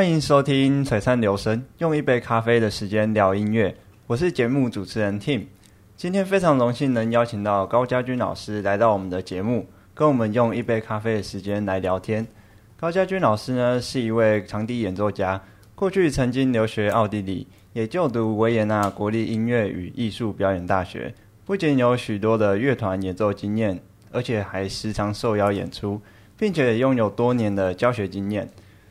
歡迎收聽《璀璨流聲》，用一杯咖啡的時間聊音樂。我是節目主持人 Tim。今天非常榮幸能邀請到高佳君老師來到我們的節目，跟我們用一杯咖啡的時間來聊天。高佳君老師呢，是一位長笛演奏家，過去曾經留學奧地利，也就讀維也納國立音樂與藝術表演大學。不僅有許多的樂團演奏經驗，而且還時常受邀演出，並且擁有多年的教學經驗。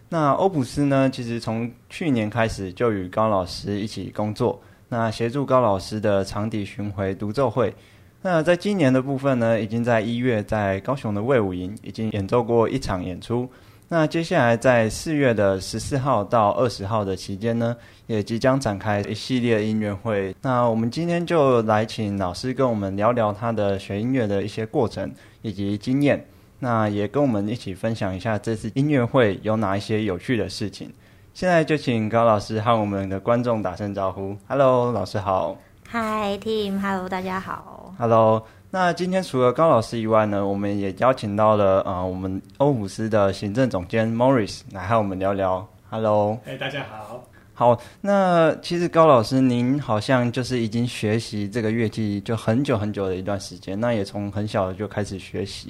那歐普斯呢，其實從去年開始就與高老師一起工作，那協助高老師的長笛巡迴獨奏會。那在今年的部分呢，已經在一月在高雄的衛武營已經演奏過一場演出。那接下來在四月的十四號到二十號的期間呢，也即將展開一系列音樂會。那我們今天就來請老師跟我們聊聊他的學音樂的一些過程以及經驗。那也跟我們一起分享一下這次音樂會有哪一些有趣的事情。現在就請高老師和我們的觀眾打聲招呼。Hello，老師好。Hi，Tim。Hello，大家好。Hello。那今天除了高老師以外呢，我們也邀請到了呃，我們歐普思的行政總監 Morris 來和我們聊聊。Hello。Hey, 大家好。好。那其實高老師，您好像就是已經學習這個樂器就很久很久的一段時間，那也從很小就開始學習。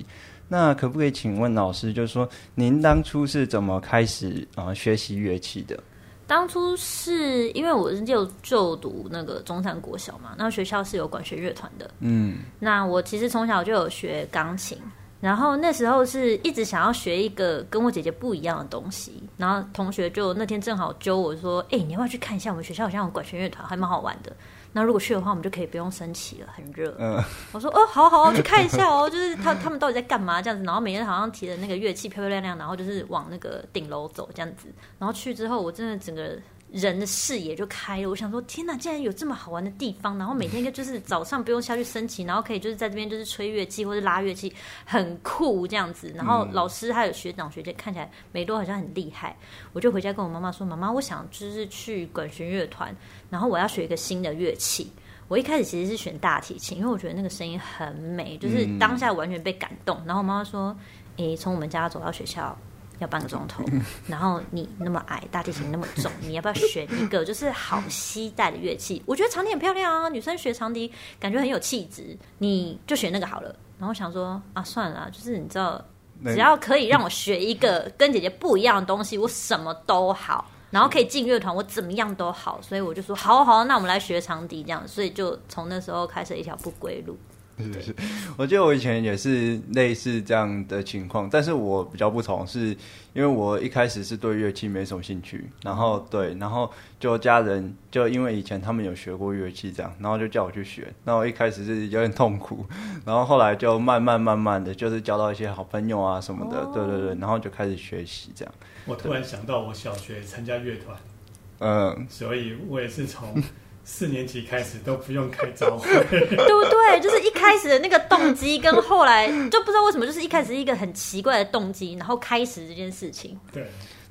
那可不可以請問老師，就是說您當初是怎麼開始啊、呃、學習樂器的？當初是因為我就就讀那個中山國小嘛，那學校是有管弦樂團的。嗯，那我其實從小就有學鋼琴，然後那時候是一直想要學一個跟我姐姐不一樣的東西。然後同學就那天正好揪我說：“哎、欸，你要不要去看一下？我們學校好像有管弦樂團，還蠻好玩的。”那如果去的話，我們就可以不用升旗了，很熱。Uh, 我說哦，好好，我去看一下哦。 就是他他們到底在幹嘛這樣子？然後每天好像提着那個樂器漂漂亮亮，然後就是往那個頂樓走這樣子。然後去之後，我真的整個。人的視野就開了，我想說，天哪，竟然有這麼好玩的地方！然後每天就就是早上不用下去升旗，然後可以就是在這邊就是吹樂器或者拉樂器，很酷這樣子。然後老師還有學長學姐看起來，沒多好像很厲害，我就回家跟我媽媽說：“媽媽，我想就是去管弦樂團，然後我要學一個新的樂器。”我一開始其實是選大提琴，因為我覺得那個聲音很美，就是當下完全被感動。然後我媽媽說：“誒、欸，從我們家走到學校。”要半個鐘頭，然後你那麼矮，大提琴那麼重，你要不要選一個就是好攜帶的樂器？我覺得長笛很漂亮啊，女生學長笛感覺很有氣質，你就選那個好了。然後我想說啊，算了啦，就是你知道，只要可以讓我學一個跟姐姐不一樣的東西，我什麼都好，然後可以進樂團，我怎麼樣都好。所以我就說，好好，那我們來學長笛這樣。所以就從那時候開始一條不歸路。是，是，是，我記得我以前也是類似這樣的情況，但是我比較不同，是因為我一開始是對樂器沒什麼興趣，然後對，然後就家人就因為以前他們有學過樂器這樣，然後就叫我去學，然後一開始是有點痛苦，然後後來就慢慢慢慢的就是交到一些好朋友啊什麼的，哦、對對對，然後就開始學習這樣。我突然想到我小學參加樂團，嗯，所以我也是從。 四年級開始都不用開朝會，對不對？就是一開始的那個動機跟後來就不知道為什麼，就是一開始一個很奇怪的動機，然後開始這件事情。對，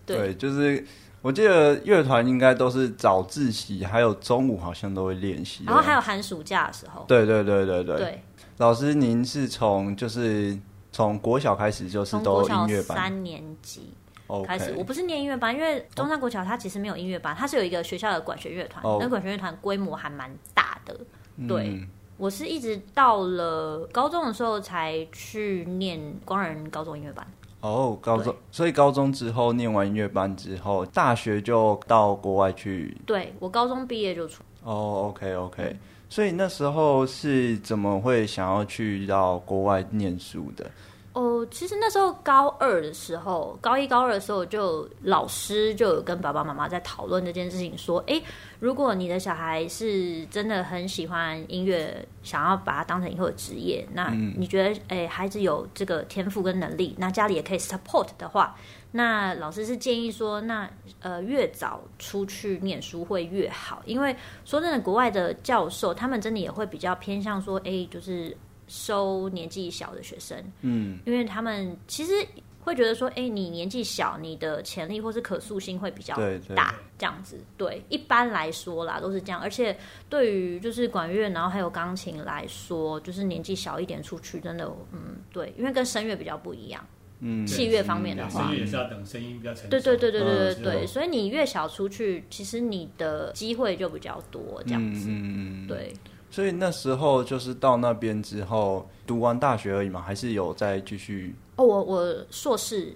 對，對，就是我記得樂團應該都是早自習，還有中午好像都會練習，然後還有寒暑假的時候。對，對，對，對，對，對。老師，您是從就是從國小開始就是都音樂班有三年級。Okay. 開始，我不是念音樂班，因為中山國橋它其實沒有音樂班，它是有一個學校的管弦樂團，那、oh. 管弦樂團規模還蠻大的、嗯。對，我是一直到了高中的時候才去念光仁高中音樂班。哦、oh,，高中，所以高中之後念完音樂班之後，大學就到國外去。對，我高中畢業就出。哦、oh,，OK，OK，、okay, okay. 所以那時候是怎麼會想要去到國外念書的？哦，其實那時候高二的時候，高一高二的時候，就老師就有跟爸爸媽媽在討論這件事情，說，哎，如果你的小孩是真的很喜歡音樂，想要把它當成以後的職業，那你覺得，哎，孩子有這個天賦跟能力，那家裡也可以 support 的話，那老師是建議說，那呃，越早出去念書會越好，因為說真的，國外的教授他們真的也會比較偏向說，哎，就是。收年紀小的學生，嗯，因為他們其實會覺得說，哎、欸，你年紀小，你的潛力或是可塑性會比較大，這樣子對對，對，一般來說啦都是這樣，而且對於就是管樂，然後還有鋼琴來說，就是年紀小一點出去，真的，嗯，對，因為跟聲樂比較不一樣，嗯，器樂方面的話，聲樂也是要等聲音比較成熟對對對對對對對、對、對、嗯、對，所以你越小出去，其實你的機會就比較多，這樣子，嗯、對。所以那時候就是到那邊之後讀完大學而已嘛，還是有再繼續？哦，我我碩士，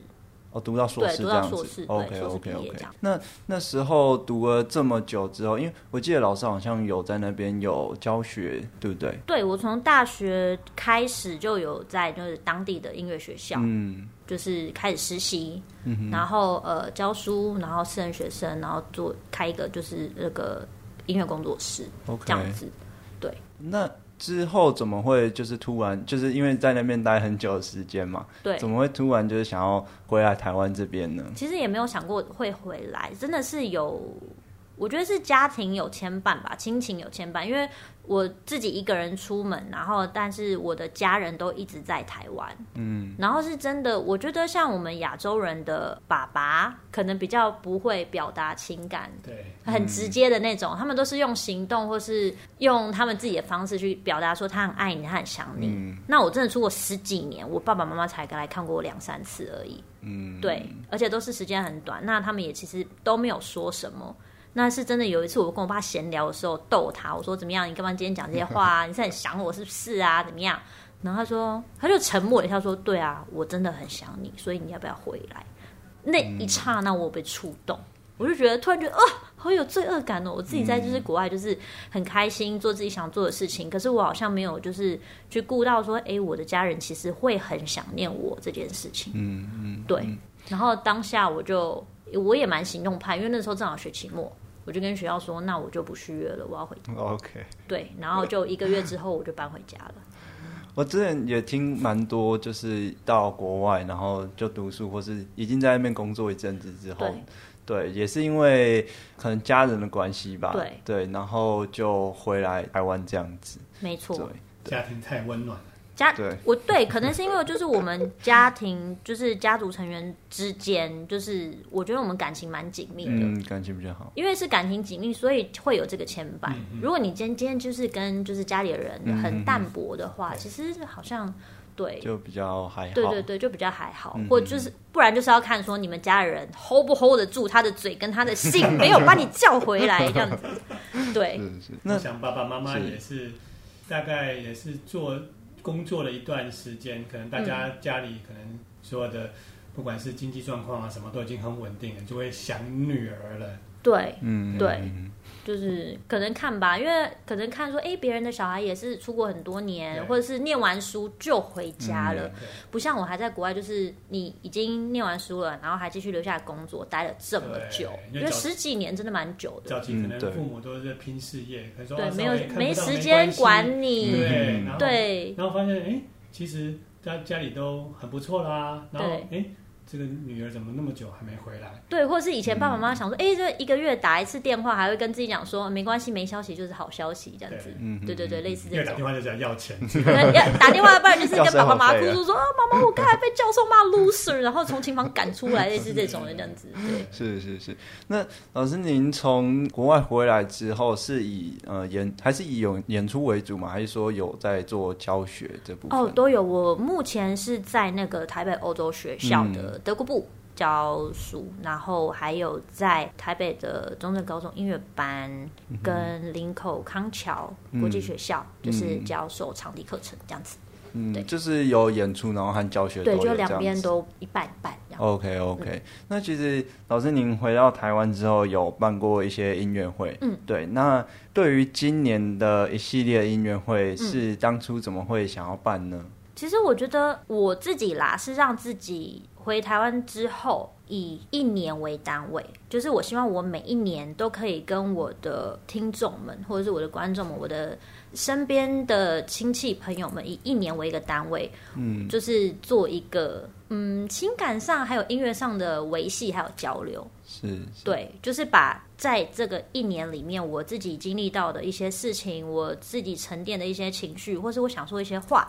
哦，讀到碩士這樣子，對，讀到碩士，對，OK OK OK 那。那那時候讀了這麼久之後，因為我記得老師好像有在那邊有教學，對不對？對，我從大學開始就有在就是當地的音樂學校，嗯，就是開始實習，嗯，然後呃教書，然後私人學生，然後做開一個就是那個音樂工作室，OK 這樣子。那之後怎麼會就是突然，就是因為在那邊待很久的時間嘛，對，怎麼會突然就是想要回來台灣這邊呢？其實也沒有想過會回來，真的是有。我覺得是家庭有牽絆吧，親情有牽絆。因為我自己一個人出門，然後但是我的家人都一直在台灣。嗯，然後是真的，我覺得像我們亞洲人的爸爸可能比較不會表達情感，對、嗯，很直接的那種。他們都是用行動或是用他們自己的方式去表達說他很愛你，他很想你、嗯。那我真的出過十幾年，我爸爸媽媽才剛來看過我兩三次而已。嗯，對，而且都是時間很短。那他們也其實都沒有說什麼。那是真的。有一次，我跟我爸閒聊的時候，逗他我說：“怎麼樣？你幹嘛今天講這些話啊？你是很想我是不是啊？怎麼樣？”然後他說，他就沉默了一下，說：“對啊，我真的很想你，所以你要不要回來？”那一剎那，我被觸動、嗯，我就覺得突然覺得啊，好有罪惡感哦！我自己在就是國外，就是很開心做自己想做的事情，可是我好像沒有就是去顧到說，哎、欸，我的家人其實會很想念我這件事情。嗯嗯，對。然後當下我就我也蠻行動派，因為那時候正好學期末。我就跟學校說，那我就不續約了，我要回家。OK。對，然後就一個月之後，我就搬回家了。我之前也聽蠻多，就是到國外，然後就讀書，或是已經在那邊工作一陣子之後。對，對，也是因為可能家人的關係吧，對，對，然後就回來台灣這樣子。沒錯，家庭太溫暖。家，對我對，可能是因為就是我們家庭， 就是家族成員之間，就是我覺得我們感情蠻緊密的，嗯，感情比較好。因為是感情緊密，所以會有這個牽絆，嗯嗯。如果你今今天就是跟就是家裡的人很淡薄的話，嗯嗯嗯，其實好像對，就比較還好。對對對，就比較還好。嗯嗯，或者就是不然，就是要看說你們家人 hold 不 hold 得住他的嘴跟他的心， 沒有把你叫回來 這樣子。對，那想爸爸媽媽也是，是大概也是做。工作了一段時間，可能大家家裡可能所有的，嗯、不管是經濟狀況啊什麼，都已經很穩定了，就會想女兒了。對，嗯，對。嗯嗯就是可能看吧，因為可能看說，哎、欸，別人的小孩也是出國很多年，或者是念完書就回家了，嗯、不像我還在國外，就是你已經念完書了，然後還繼續留下來工作，待了這麼久，因為，因為十幾年真的蠻久的。早期可能父母都是在拼事業，所、嗯啊、沒有沒時間管你。對，然後，然後發現哎、欸，其實他家裡都很不錯啦，然後。對，哎、欸。這個女兒怎麼那麼久還沒回來？對，或者是以前爸爸媽媽想說，哎、嗯，這一個月打一次電話，還會跟自己講說，沒關係，沒消息就是好消息，這樣子。對，嗯、對,對，對，類似這樣。因為打電話就講要錢。要， 打電話不然就是跟爸爸媽媽哭訴說,說、啊，媽媽我剛才被教授罵 loser， 然後從琴房趕出來，類 似這種的這樣子。對，是是是。那老師您從國外回來之後，是以呃演還是以有演出為主嗎？還是說有在做教學這部分？哦，都有。我目前是在那個台北歐洲學校的、嗯。德國部教書，然後還有在台北的中正高中音樂班，跟林口康橋國際學校，就是教授長笛課程、嗯、這樣子。嗯，對，就是有演出，然後和教學對，就兩邊都一半一半 OK OK，、嗯、那其實老師您回到台灣之後，有辦過一些音樂會，嗯，對。那對於今年的一系列音樂會，是當初怎麼會想要辦呢？嗯其實我覺得我自己啦，是讓自己回台灣之後，以一年為單位，就是我希望我每一年都可以跟我的聽眾們，或者是我的觀眾們，我的身邊的親戚朋友們，以一年為一個單位，嗯，就是做一個，嗯，情感上還有音樂上的維繫還有交流是，是，對，就是把在這個一年裡面我自己經歷到的一些事情，我自己沉澱的一些情緒，或是我想說一些話。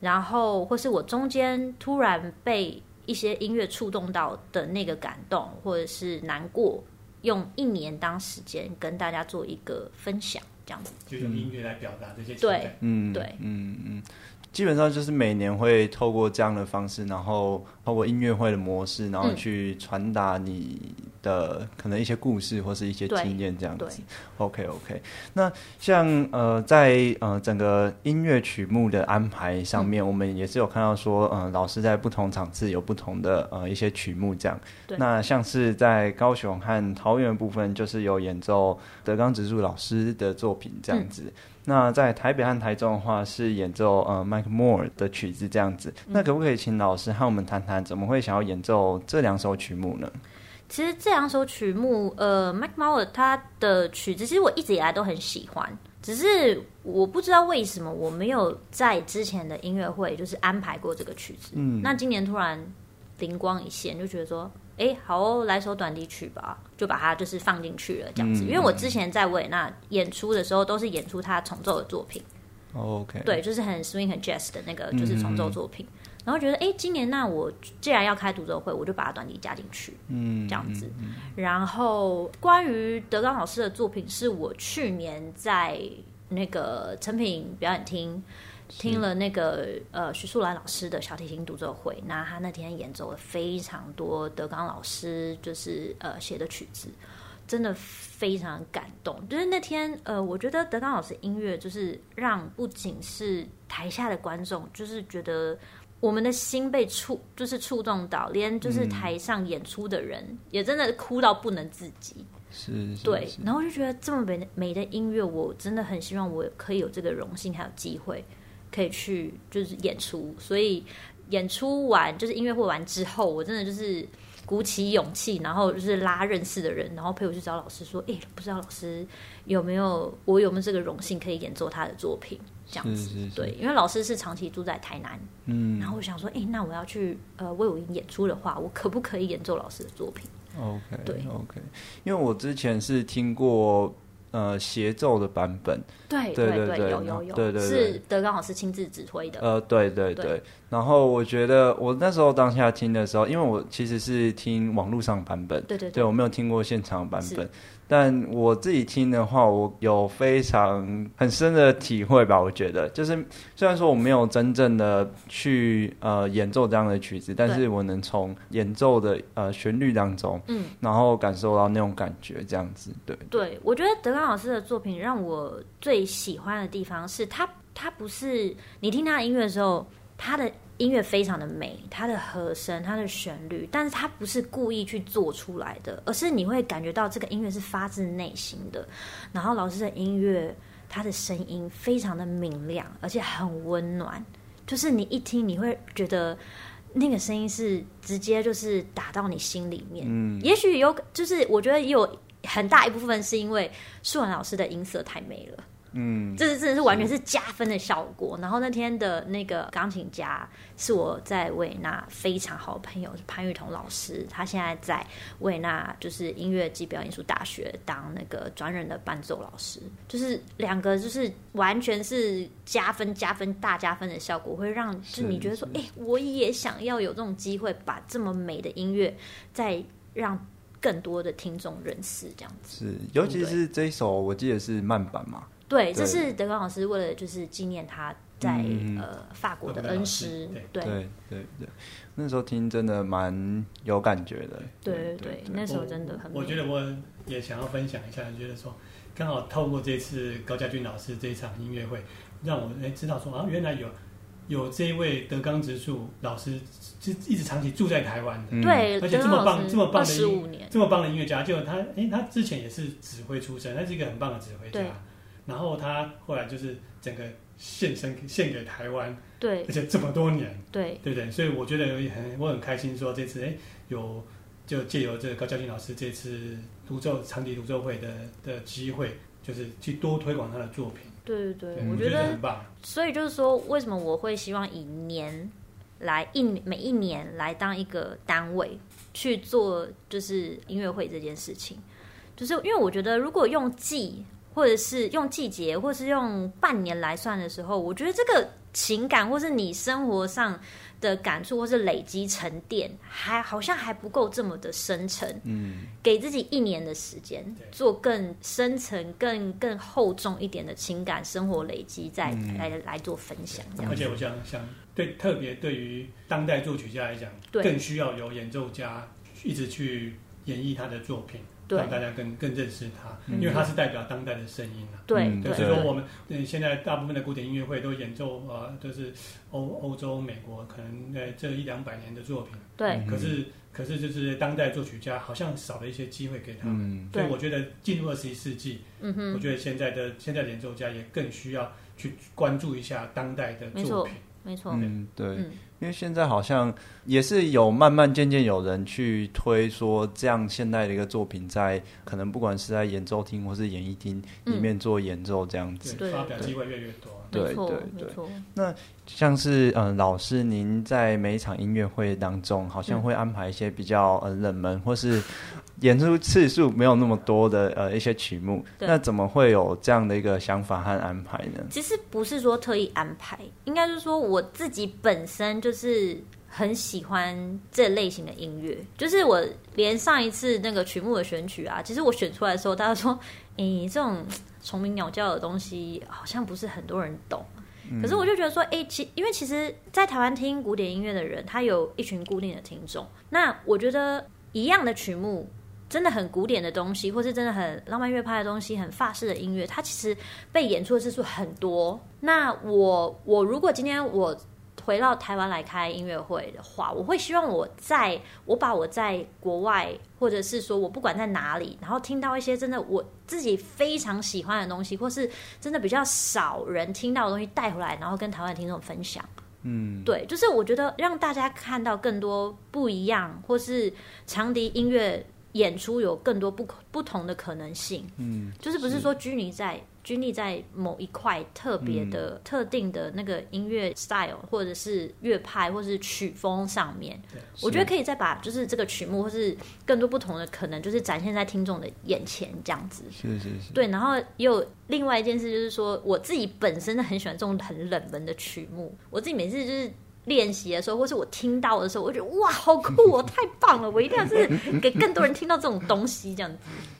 然後，或是我中間突然被一些音樂觸動到的那個感動，或者是難過，用一年當時間跟大家做一個分享，這樣子。就用音樂來表達這些情感。對，嗯，對，嗯嗯。基本上就是每年會透過這樣的方式，然後透過音樂會的模式，然後去傳達你的、嗯、可能一些故事或是一些經驗這樣子。對。OK OK。那像呃在呃整個音樂曲目的安排上面，嗯、我們也是有看到說，呃老師在不同場次有不同的呃一些曲目這樣對。那像是在高雄和桃園的部分，就是有演奏德綱直樹老師的作品這樣子。嗯那在台北和台中的話是演奏呃，Mike Moore 的曲子這樣子，嗯。那可不可以請老師和我們談談，怎麼會想要演奏這兩首曲目呢？其實這兩首曲目，呃，Mike Moore 他的曲子，其實我一直以來都很喜歡，只是我不知道為什麼我沒有在之前的音樂會就是安排過這個曲子。嗯，那今年突然靈光一現，就覺得說。哎、欸，好，來首短笛曲吧，就把它就是放進去了這樣子，嗯。因為我之前在維也納演出的時候，都是演出他重奏的作品。哦、OK，對，就是很 swing 和 jazz 的那個就是重奏作品。嗯，然後覺得，哎、欸，今年那我既然要開獨奏會，我就把它短笛加進去，嗯，這樣子。嗯嗯嗯，然後關於德剛老師的作品，是我去年在那個成品表演廳。聽了那個呃徐樹蘭老師的小提琴獨奏會，那他那天演奏了非常多德剛老師就是呃寫的曲子，真的非常感動。就是那天呃，我覺得德剛老師的音樂就是讓不僅是台下的觀眾，就是覺得我們的心被觸，就是觸動到，連就是台上演出的人也真的哭到不能自己。是、嗯，對是是是。然後就覺得這麼美的美的音樂，我真的很希望我可以有這個榮幸還有機會。可以去就是演出，所以演出完就是音樂會完之後，我真的就是鼓起勇氣，然後就是拉認識的人，然後陪我去找老師說：“哎，不知道老師有沒有，我有沒有這個榮幸可以演奏他的作品？”這樣子，是是是，對，因為老師是長期住在台南，嗯，然後我想說：“哎，那我要去呃，為我演出的話，我可不可以演奏老師的作品？”OK，對，OK，因為我之前是聽過。呃，協奏的版本，對對對對，對對對，有有有，嗯、對對對，是德剛老師親自指揮的。呃，對對對。對。然後我覺得，我那時候當下聽的時候，因為我其實是聽網絡上的版本，對對對，對我沒有聽過現場版本。但我自己聽的話，我有非常很深的體會吧。我覺得，就是雖然說我沒有真正的去呃演奏這樣的曲子，但是我能從演奏的呃旋律當中，嗯，然後感受到那種感覺，這樣子，對。對我覺得德剛老師的作品讓我最喜歡的地方是他，他不是你聽他的音樂的時候，他的。音樂非常的美，它的和聲、它的旋律，但是它不是故意去做出來的，而是你會感覺到這個音樂是發自內心的。然後老師的音樂，他的聲音非常的明亮，而且很溫暖，就是你一聽你會覺得那個聲音是直接就是打到你心裡面。嗯，也許有，就是我覺得有很大一部分是因為舒文老師的音色太美了。嗯，這是真的是完全是加分的效果。然後那天的那個鋼琴家是我在維也納非常好的朋友，是潘玉彤老師。他現在在維也納就是音樂暨表演藝術大學當那個專任的伴奏老師。就是兩個就是完全是加分加分大加分的效果，會讓就你覺得說，哎、欸，我也想要有這種機會，把這麼美的音樂再讓更多的聽眾認識。這樣子是，尤其是這一首，我記得是慢板嘛。對，這是德剛老師為了就是紀念他在、嗯、呃法國的恩師。師對對對對,對，那時候聽真的蠻有感覺的。對對,對,對,對,對,對，那時候真的很我。我覺得我也想要分享一下，覺得說剛好透過這次高佳君老師這場音樂會，讓我、欸、知道說啊，原來有有這一位德剛直樹老師是是，一直長期住在台灣的。對，而且這麼棒這麼棒的十五年，這麼棒的音樂家，就他、欸、他之前也是指揮出身，他是一個很棒的指揮家。然後他後來就是整個獻身獻給台灣，對，而且這麼多年，對，對不對？所以我覺得也很我很開心，說這次哎有就借由這個高佳君老師這次獨奏，長笛獨奏會的的機會，就是去多推廣他的作品。對對對，我覺得，我覺得很棒，所以就是說，為什麼我會希望以年來一每一年來當一個單位去做，就是音樂會這件事情，就是因為我覺得如果用季。或者是用季節，或是用半年來算的時候，我覺得這個情感，或是你生活上的感觸，或是累積沉澱，還好像還不夠這麼的深沉。嗯，給自己一年的時間，做更深層更更厚重一點的情感生活累積，再、嗯、來來做分享。這樣而且我想想對，對特別對於當代作曲家來講對，更需要有演奏家一直去演繹他的作品。讓大家更更認識他，因為他是代表當代的聲音，啊嗯、對，對，所以說我們嗯，現在大部分的古典音樂會都演奏呃、都、就是歐歐洲、美國可能呃這一兩百年的作品。對，可是、嗯、可是就是當代作曲家好像少了一些機會給他們、們、嗯。所以我覺得進入二十一世紀，嗯哼，我覺得現在的現在的演奏家也更需要去關注一下當代的作品。沒錯，嗯，對嗯，因為現在好像也是有慢慢漸漸有人去推說這樣現代的一個作品在，在可能不管是在演奏廳或是演藝廳裡面做演奏這樣子，嗯、對，發表機會越來越多，對對對，對，對。那像是嗯、呃，老師您在每一場音樂會當中，好像會安排一些比較嗯、呃、冷門或是 演出次數沒有那麼多的呃一些曲目，那怎麼會有這樣的一個想法和安排呢？其實不是說特意安排，應該是說我自己本身就是很喜歡這類型的音樂，就是我連上一次那個曲目的選曲啊，其實我選出來的時候，大家說，誒、欸、這種蟲鳴鳥叫的東西好像不是很多人懂，嗯、可是我就覺得說，誒、欸、其因為其實在台灣聽古典音樂的人，他有一群固定的聽眾，那我覺得一樣的曲目。真的很古典的東西，或是真的很浪漫樂派的東西，很法式的音樂，它其實被演出的次數很多。那我我如果今天我回到台灣來開音樂會的話，我會希望我在我把我在國外，或者是說我不管在哪裡，然後聽到一些真的我自己非常喜歡的東西，或是真的比較少人聽到的東西帶回來，然後跟台灣聽眾分享。嗯，對，就是我覺得讓大家看到更多不一樣，或是長笛音樂。演出有更多不不同的可能性，嗯，就是不是說拘泥在拘泥在某一塊特別的、嗯、特定的那個音樂 style 或者是樂派或者是曲風上面，我覺得可以再把就是這個曲目或是更多不同的可能，就是展現在聽眾的眼前這樣子，是是是，對。然後也有另外一件事就是說，我自己本身很喜歡這種很冷門的曲目，我自己每次就是。練習的時候，或是我聽到的時候，我覺得哇，好酷哦，太棒了， 我一定要就是給更多人聽到這種東西，這樣子。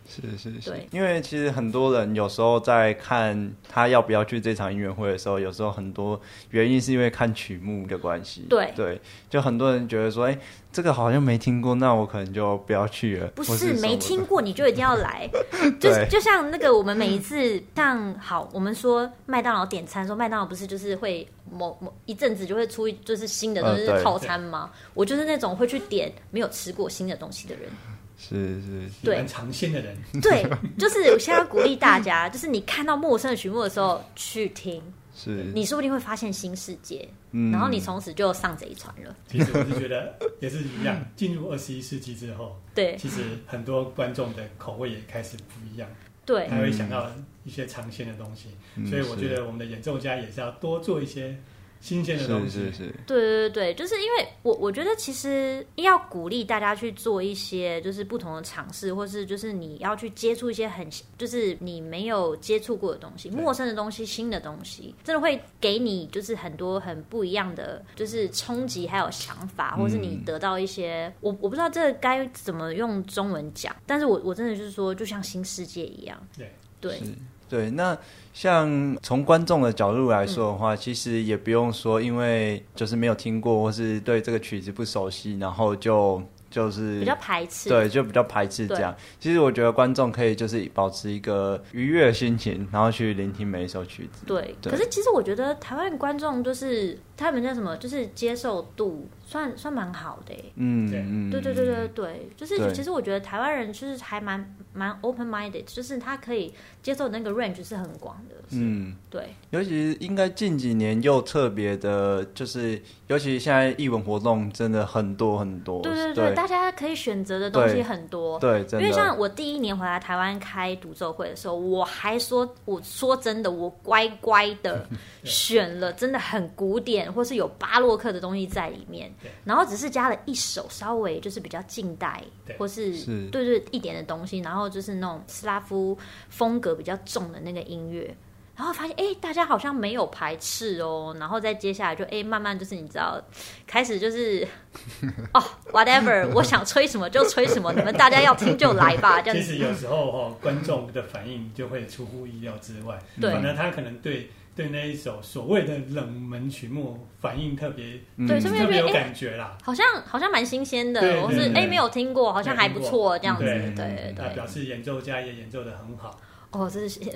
是是是，對，因為其實很多人有時候在看他要不要去這場音樂會的時候，有時候很多原因是因為看曲目的關係。對對，就很多人覺得說，哎、欸，這個好像沒聽過，那我可能就不要去了。不是，是沒聽過你就一定要來， 就是就像那個我們每一次像好，我們說麥當勞點餐，說麥當勞不是就是會某某一陣子就會出就是新的、嗯、就是套餐嗎？我就是那種會去點沒有吃過新的東西的人。是是，喜歡嘗鮮的人，對，就是我現在要鼓勵大家， 就是你看到陌生的曲目的時候去聽，是你說不定會發現新世界，嗯，然後你從此就上賊船了。其實我是覺得也是一樣，進 入二十一世紀之後，對，其實很多觀眾的口味也開始不一樣，對，他會想到一些嘗鮮的東西、嗯，所以我覺得我們的演奏家也是要多做一些。新鮮的東西是，是是對對對，就是因為我我覺得其實要鼓勵大家去做一些就是不同的嘗試，或是就是你要去接觸一些很就是你沒有接觸過的東西，陌生的東西，新的東西，真的會給你就是很多很不一樣的就是衝擊，還有想法，或是你得到一些、嗯、我我不知道這該怎麼用中文講，但是我我真的就是說，就像新世界一樣，對對。對，那像從觀眾的角度來說的話，嗯、其實也不用說，因為就是沒有聽過或是對這個曲子不熟悉，然後就就是比較排斥，對，就比較排斥這樣、嗯。其實我覺得觀眾可以就是保持一個愉悅的心情，然後去聆聽每一首曲子。對，對。可是其實我覺得台灣觀眾就是他們叫什麼，就是接受度算算蠻好的。嗯。嗯，對對對對對，對，就是其實我覺得台灣人就是還蠻。蠻 open minded，就是他可以接受那個 range 是很廣的。嗯，對，尤其是應該近幾年又特別的，就是尤其現在藝文活動真的很多很多。對對對，對大家可以選擇的東西很多。對，對因為像我第一年回來台灣開獨奏會的時候，我還說，我說真的，我乖乖的選了真的很古典 或是有巴洛克的東西在裡面對，然後只是加了一首稍微就是比較近代對或是對對一點的東西，然後。就是那種斯拉夫風格比較重的那個音樂，然後發現哎、欸，大家好像沒有排斥哦、喔，然後再接下來就哎、欸，慢慢就是你知道，開始就是哦、 oh,，whatever， 我想吹什麼就吹什麼，你們大家要聽就來吧，這樣子。其實有時候哦，觀眾的反應就會出乎意料之外，對、嗯，那他可能對。對那一首所謂的冷門曲目，反應特別，對特別有感覺啦，嗯欸、好像好像蠻新鮮的，或是哎、欸、沒有聽過，好像還不錯這樣子，嗯、對，對對，對、啊，表示演奏家也演奏得很好、嗯、哦，這是希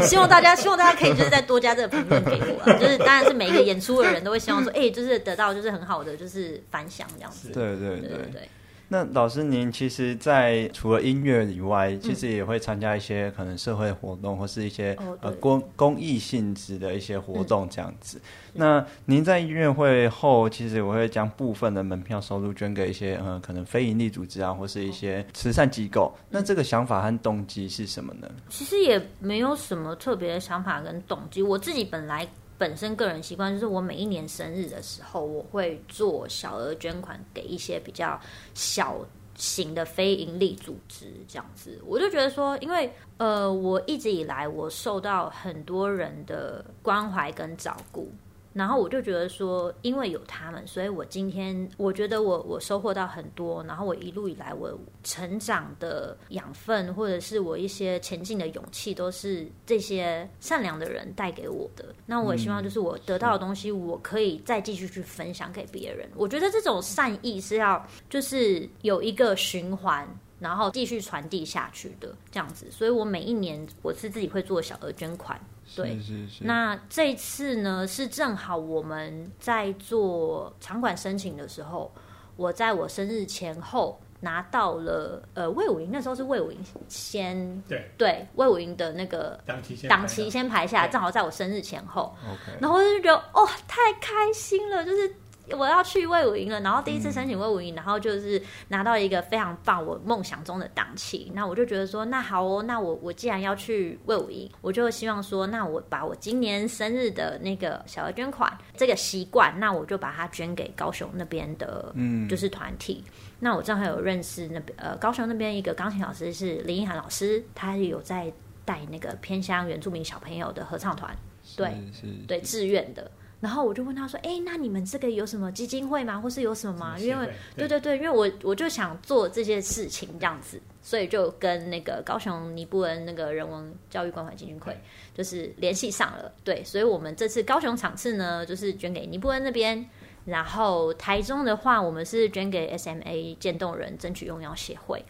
希望大家希望大家可以就是再多加這個評論給我、啊， 就是當然是每一個演出的人都會希望說，哎、欸，就是得到就是很好的就是反響這樣子，對對對對。對對對那老師，您其實，在除了音樂以外，嗯，其實也會參加一些可能社會活動或是一些，哦，呃公公益性質的一些活動這樣子。嗯，那您在音樂會後，其實我會將部分的門票收入捐給一些呃可能非營利組織啊，或是一些慈善機構。哦，嗯。那這個想法和動機是什麼呢？其實也沒有什麼特別的想法跟動機，我自己本來。本身個人習慣就是，我每一年生日的時候，我會做小額捐款給一些比較小型的非營利組織，這樣子。我就覺得說，因為呃，我一直以來我受到很多人的關懷跟照顧。然後我就覺得說，因為有他們，所以我今天我覺得我我收穫到很多。然後我一路以來我成長的養分，或者是我一些前進的勇氣，都是這些善良的人帶給我的。那我也希望就是我得到的東西，嗯，我可以再繼續去分享給別人。我覺得這種善意是要就是有一個循環，然後繼續傳遞下去的這樣子。所以我每一年我是自己會做小額捐款。對，是是是，那這次呢是正好我們在做場館申請的時候，我在我生日前後拿到了呃衛武營那時候是衛武營先對對衛武營的那個檔期先先排下，先排下，正好在我生日前後，okay. 然後我就覺得哦太開心了，就是。我要去衛武營了，然後第一次申請衛武營，嗯，然後就是拿到一個非常棒我夢想中的檔期。那我就覺得說，那好哦，那我我既然要去衛武營，我就希望說，那我把我今年生日的那個小額捐款這個習慣，那我就把它捐給高雄那邊的，嗯，就是團體，嗯。那我正好有認識那邊呃高雄那邊一個鋼琴老師是林依涵老師，他有在帶那個偏鄉原住民小朋友的合唱團，對，是，對，自願的。然後我就問他說：“哎，那你們這個有什麼基金會嗎？或是有什麼嗎？麼因為對對對，對，因為我我就想做這些事情這樣子，所以就跟那個高雄尼布恩那個人文教育關懷基金會就是聯繫上了對。對，所以我們這次高雄場次呢，就是捐給尼布恩那邊；然後台中的話，我們是捐給 SMA 漸凍人爭取用藥協會。”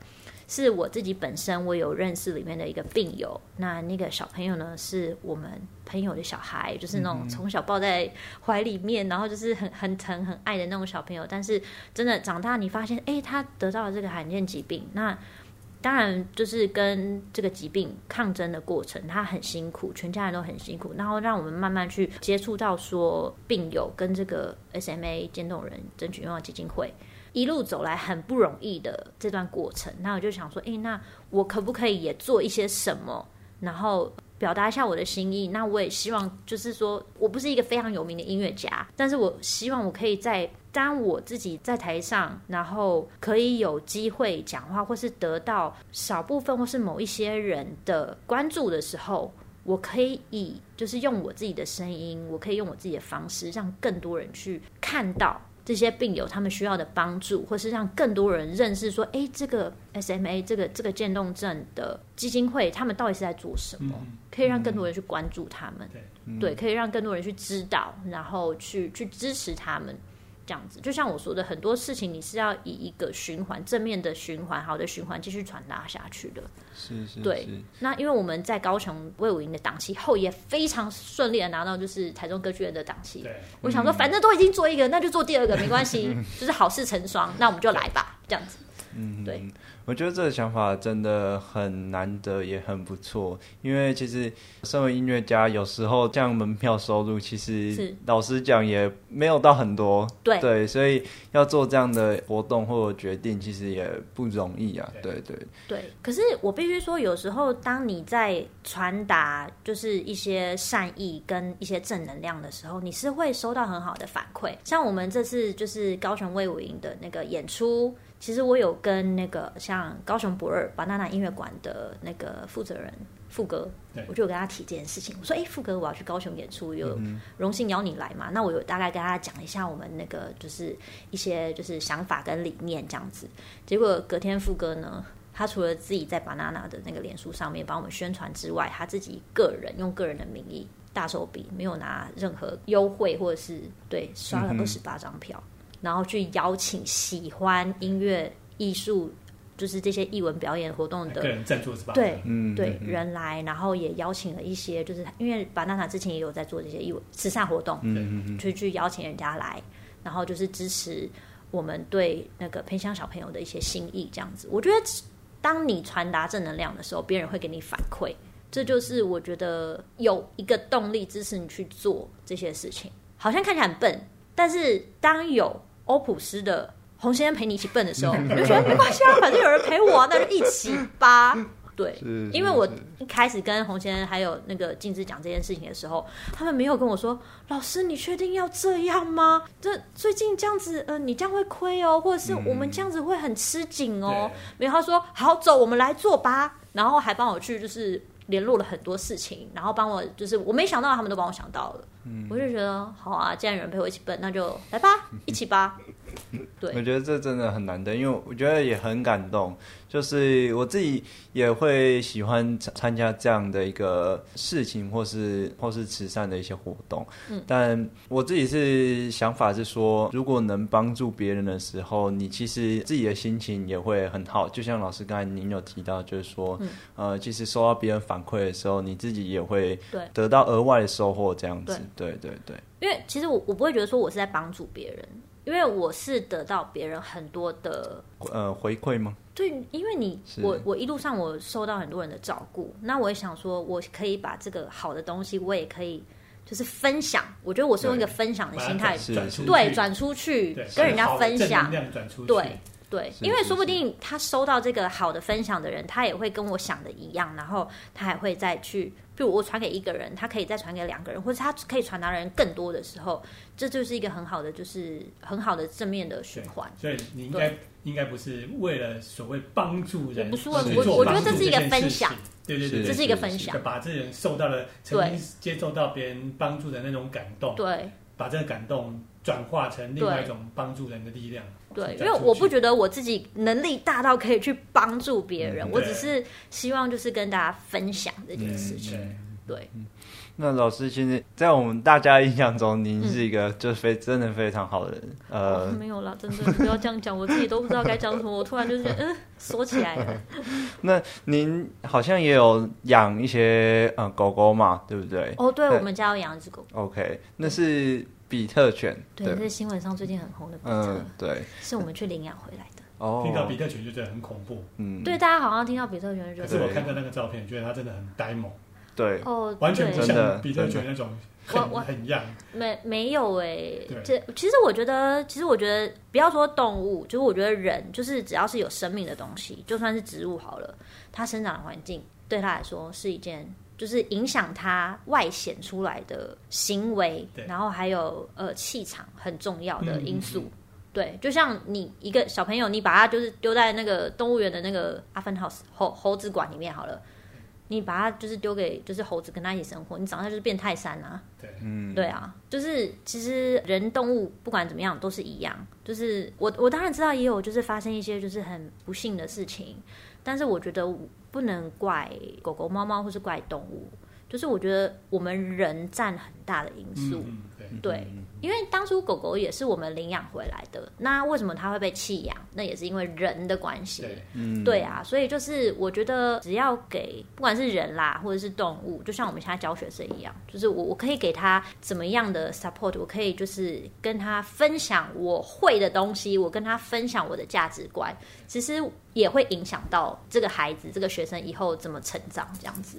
是我自己本身，我有認識裡面的一個病友，那那個小朋友呢，是我們朋友的小孩，就是那種從小抱在懷裡面，嗯，然後就是很很疼很愛的那種小朋友。但是真的長大，你發現，哎，欸，他得到了這個罕見疾病，那當然就是跟這個疾病抗爭的過程，他很辛苦，全家人都很辛苦，然後讓我們慢慢去接觸到說病友跟這個 SMA 漸凍人爭取用藥基金會。一路走來很不容易的這段過程，那我就想說，誒，那我可不可以也做一些什麼，然後表達一下我的心意？那我也希望，就是說我不是一個非常有名的音樂家，但是我希望我可以在當我自己在台上，然後可以有機會講話，或是得到少部分或是某一些人的關注的時候，我可以以就是用我自己的聲音，我可以用我自己的方式，讓更多人去看到。這些病友他們需要的幫助，或是讓更多人認識說，哎、欸，這個 SMA 這個這個漸凍症的基金會，他們到底是在做什麼？嗯、可以讓更多人去關注他們，嗯、對，可以讓更多人去知道，然後去去支持他們。這樣子，就像我說的，很多事情你是要以一個循環、正面的循環、好的循環繼續傳達下去的。是是，是對。對，那因為我們在高雄衛武營的檔期後，也非常順利的拿到就是台中歌劇院的檔期。對。我想說，反正都已經做一個，那就做第二個沒關係， 就是好事成雙，那我們就來吧，這樣子。嗯，對，我覺得這個想法真的很難得，也很不錯。因為其實身為音樂家，有時候這樣門票收入，其實是老實講也沒有到很多，對對，所以要做這樣的活動或決定，其實也不容易啊。對對對，對，可是我必須說，有時候當你在傳達就是一些善意跟一些正能量的時候，你是會收到很好的反饋。像我們這次就是高雄衛武營的那個演出。其實我有跟那個像高雄博二 Banana 音樂館的那個負責人傅哥，我就有跟他提這件事情。我說：“哎，傅哥，我要去高雄演出，有榮幸邀你來嘛，嗯？那我有大概跟他講一下我們那個就是一些就是想法跟理念這樣子。”結果隔天傅哥呢，他除了自己在 Banana 的那個臉書上面幫我們宣傳之外，他自己個人用個人的名義大手筆，沒有拿任何優惠或者是對，刷了二十八張票，嗯。然後去邀請喜歡音樂、藝術，就是這些藝文表演活動的人贊助是吧？對，嗯哼哼，對人來，然後也邀請了一些，就是因為巴娜塔之前也有在做這些藝文慈善活動，嗯，去去邀請人家來，然後就是支持我們對那個偏鄉小朋友的一些心意，這樣子。我覺得，當你傳達正能量的時候，別人會給你反饋，這就是我覺得有一個動力支持你去做這些事情。好像看起來很笨，但是當有歐普思的洪先生陪你一起蹦的時候，我就覺得沒關係啊，反正有人陪我啊，那就一起吧。 對，是是是因為我一開始跟洪先生還有那個鏡子講這件事情的時候，他們沒有跟我說：“ 老師，你確定要這樣嗎？這最近這樣子，呃，你這樣會虧哦，或者是我們這樣子會很吃緊哦。 ”沒有，他說：“好，走，我們來做吧。”然後還幫我去就是。聯絡了很多事情，然後幫我，就是我沒想到，他們都幫我想到了，嗯，我就覺得好啊，既然有人陪我一起奔，那就來吧，一起吧。 對，我覺得這真的很難得，因為我覺得也很感動。就是我自己也會喜歡參加這樣的一個事情，或是或是慈善的一些活動。嗯，但我自己是想法是說，如果能幫助別人的時候，你其實自己的心情也會很好。就像老師剛才您有提到，就是說，嗯、呃，其實收到別人反饋的時候，你自己也會得到額外的收穫。這樣子對，對對對。因為其實我我不會覺得說我是在幫助別人。因為我是得到別人很多的呃回饋嗎？對，因為你，我我一路上我受到很多人的照顧，那我也想說，我可以把這個好的東西，我也可以就是分享。我覺得我是用一個分享的心態，對，轉對轉出去，跟人家分享，對。對，因為說不定他收到這個好的分享的人，他也會跟我想的一樣，然後他還會再去，比如我傳給一個人，他可以再傳給兩個人，或者他可以傳達的人更多的時候，這就是一個很好的，就是很好的正面的循環。所以你應該應該不是為了所謂幫助人，不是為了，我，我覺得這是一個分享，對對對，對，這是一個分享，把這人受到了，曾經接受到別人幫助的那種感動，對，把這個感動轉化成另外一種幫助人的力量。對，因為我不覺得我自己能力大到可以去幫助別人、嗯，我只是希望就是跟大家分享這件事情。嗯、對,對,對，那老師其實在我們大家印象中，您是一個就是非真的非常好的人。嗯、呃、啊，沒有啦，真的不要這樣講， 我自己都不知道該講什麼。我突然就是嗯說起來了。那您好像也有養一些、呃、狗狗嘛，對不對？哦，對，我們家有養一只狗。OK，那是。嗯比特犬，對，這是新聞上最近很紅的。比特、嗯、對，是我們去領養回來的。哦，聽到比特犬就覺得很恐怖、oh。嗯，對，大家好像聽到比特犬就，可是我看到那個照片，覺得它真的很呆萌。對，哦，完全不像真的比特犬那種很，很很樣。沒沒有哎、欸，這其實我覺得，其實我覺得，不要說動物，就是我覺得人，就是只要是有生命的東西，就算是植物好了，它生長的環境，對它來說是一件。就是影響他外顯出來的行為，然後還有呃氣場很重要的因素嗯嗯嗯嗯。對，就像你一個小朋友，你把他就是丟在那個動物園的那個阿芬豪斯猴猴子館裡面好了，你把他就是丟給就是猴子跟他一起生活，你長大就是變泰山啊。對，嗯，對啊，就是其實人動物不管怎麼樣都是一樣。就是我我當然知道也有就是發生一些就是很不幸的事情，但是我覺得我。不能怪狗狗、貓貓，或是怪動物，就是我覺得我們人占很大的因素，嗯、對。對因為當初狗狗也是我們領養回來的，那為什麼它會被棄養？那也是因為人的關係，對、嗯、對啊，所以就是我覺得，只要給不管是人啦，或者是動物，就像我們現在教學生一樣，就是我我可以給他怎麼樣的 support，我可以就是跟他分享我會的東西，我跟他分享我的價值觀，其實也會影響到這個孩子、這個學生以後怎麼成長，這樣子。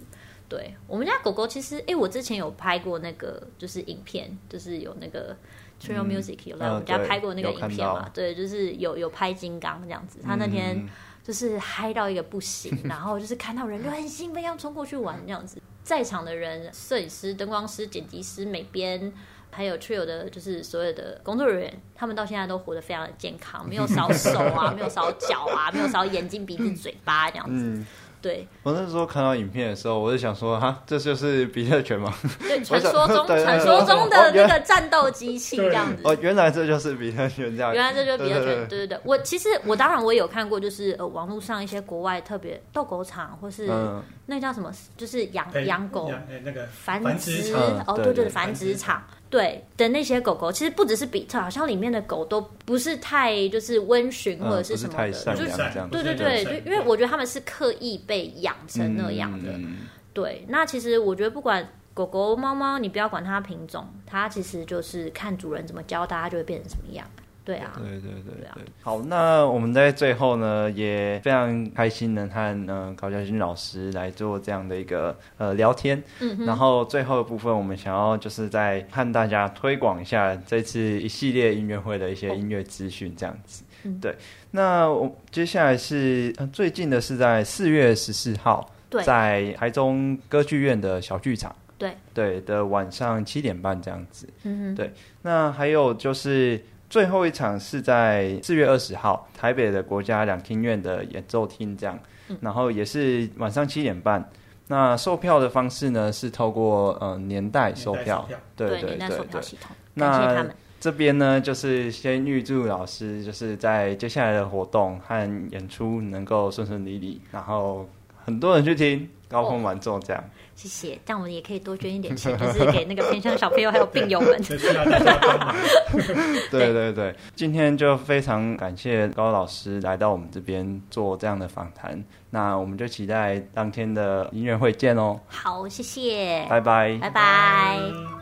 對我們家狗狗其實，哎、欸，我之前有拍過那個，就是影片，就是有那個 Trail Music、嗯、有來我們家拍過那個影片嘛？嗯、對，對，就是有有拍金剛這樣子、嗯，他那天就是嗨到一個不行，然後就是看到人就很興奮， 要衝過去玩這樣子。在場的人，攝影師、燈光師、剪輯師每，每邊還有 Trail 的就是所有的工作人員，他們到現在都活得非常的健康，沒有少手啊， 有燒啊，沒有少腳啊，沒有少眼睛、鼻子、嘴巴這樣子。嗯對，我那時候看到影片的時候，我就想說，哈，這就是比特犬嗎？對，傳說中、傳說中的那個戰鬥機器這樣子。哦，原來這就是比特犬這樣。對對對。原來這就是比特犬，對對對。我其實我當然我也有看過，就是呃，網絡上一些國外特別鬥狗場，或是、嗯、那叫什麼，就是養養狗羊那個繁殖，繁殖哦，對，對對，繁殖場。對的那些狗狗，其實不只是比特，好像裡面的狗都不是太就是溫馴或者是什麼的，我、呃、不是太善良這樣，就覺得對對對，就因為我覺得他們是刻意被養成那樣的、嗯。對，那其實我覺得不管狗狗、貓貓，你不要管它品種，它其實就是看主人怎麼教，它就會變成什麼樣。對啊，對對對對,對,對、啊，好，那我們在最後呢也非常開心能和呃高佳君老師來做這樣的一個呃聊天，嗯，然後最後的部分我們想要就是在和大家推廣一下這次一系列音樂會的一些音樂資訊這樣子，哦嗯、對，那我接下來是最近的是在四月十四號對，在台中歌劇院的小劇場，對對的晚上七點半這樣子，嗯，對，那還有就是。最後一場是在四月二十號，台北的國家兩廳院的演奏廳這樣、嗯，然後也是晚上七點半。那售票的方式呢是透過呃年代售票，年代票，對對對對，對，對。那這邊呢就是先預祝老師就是在接下來的活動和演出能夠順順利利，然後很多人去聽，高朋滿座這樣。哦謝謝，但我們也可以多捐一點錢， 就是給那個偏鄉小朋友還有病友們。 對對對，今天就非常感謝高老師來到我們這邊做這樣的訪談，那我們就期待當天的音樂會見哦。好，謝謝，拜拜，拜拜。